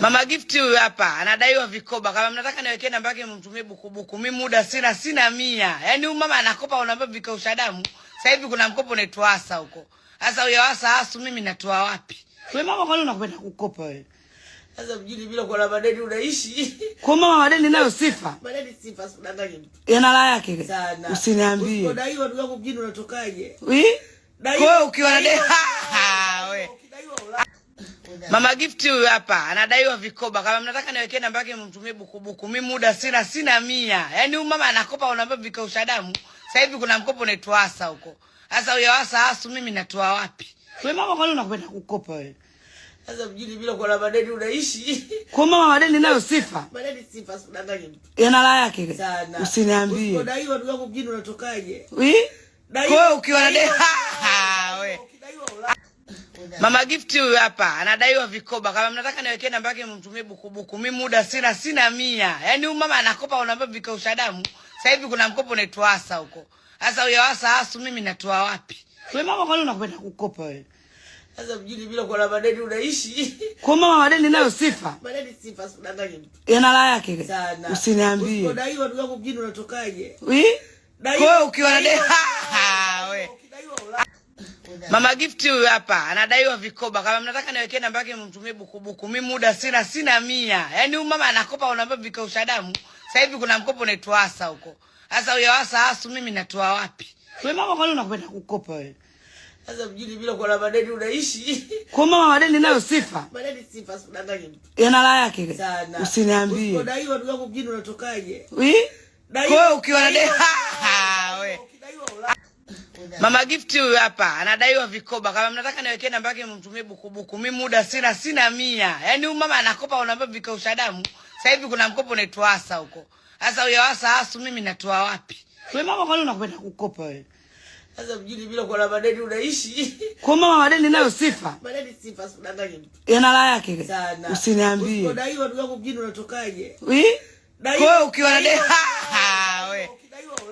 Mama Gift huyu hapa anadaiwa vikoba. Kama mnataka niwekee namba yake mtumie buku buku. Mimi muda sina sina mia. Yaani huyu mama anakopa unaambia vikausha damu. Sasa hivi kuna mkopo unaitwa asa huko. Sasa huyo asa asu mimi natoa wapi? Wewe mama kwani unakwenda kukopa wewe? Sasa mjini bila kuwa na madeni unaishi. Kwa mama madeni nayo sifa. Madeni sifa usidanganye mtu. Yana la yake. Sana. Usiniambie. Usikodaiwa ndugu yako mjini unatokaje? Wewe ukiwa na deni Mama Gift huyu hapa anadaiwa vikoba. Kama mnataka niwekee namba yake mtumie buku buku. Mimi muda sina sina mia. Yaani huyu mama anakopa unaambia vikausha damu. Sasa hivi kuna mkopo unaitwa Asa huko. Sasa huyo Asa Asu mimi natoa wapi? Wewe mama kwani unakwenda kukopa wewe? Sasa mjini bila kuwa na madeni unaishi. Kwa mama madeni nayo sifa. Madeni sifa usidanganye mtu. Yana la yake. Sana. Usiniambie. Usidaiwa ndugu yako mjini unatokaje? Wewe ukiwa na deni Mama Gift huyu hapa anadaiwa vikoba. Kama mnataka niwekee namba yake mtumie buku buku. Mimi muda sina sina mia. Yaani huyu mama anakopa unaambia vikausha damu. Sasa hivi kuna mkopo unaitwa asa huko. Sasa huyo asa asu mimi natoa wapi? Wewe mama kwani unakwenda kukopa wewe? Sasa mjini bila kuwa na madeni unaishi. Kwa mama madeni nayo sifa. Madeni sifa usidanganye mtu. Yana la yake. Sana. Usiniambie. Unadaiwa ndugu yako mjini unatokaje? Wewe ukiwa na deni. Ha, ha, Wewe Mama Gift huyu hapa anadaiwa vikoba. Kama mnataka niwekee namba yake mtumie buku buku. Mimi muda sina sina mia. Yaani huyu mama anakopa unaambia vikausha damu. Sasa hivi kuna mkopo unaitwa asa huko. Sasa huyo asa asu mimi natoa wapi? Wewe mama kwani unakwenda kukopa wewe? Sasa mjini bila kuwa na madeni unaishi. Kwa mama madeni nayo sifa. Madeni sifa usidanganye mtu. Yana la yake. Sana. Usiniambie. Usikodaiwa ndugu yako mjini unatokaje? Wewe ukiwa na deni Mama Gift huyu hapa anadaiwa vikoba. Kama mnataka niwekee namba yake mtumie buku buku. Mimi muda sina sina mia. Yaani huyu mama anakopa unaambia vikausha damu. Sasa hivi kuna mkopo unaitwa Asa huko. Sasa huyo Asa Asu mimi natoa wapi? Wewe mama kwani unakwenda kukopa wewe? Sasa mjini bila kuwa na madeni unaishi. Kwa mama madeni nayo sifa. Madeni sifa usidanganye mtu. Yana la yake. Sana. Usiniambie. Unadaiwa ndugu yako mjini unatokaje? Wewe Kwa ukiwa na deni.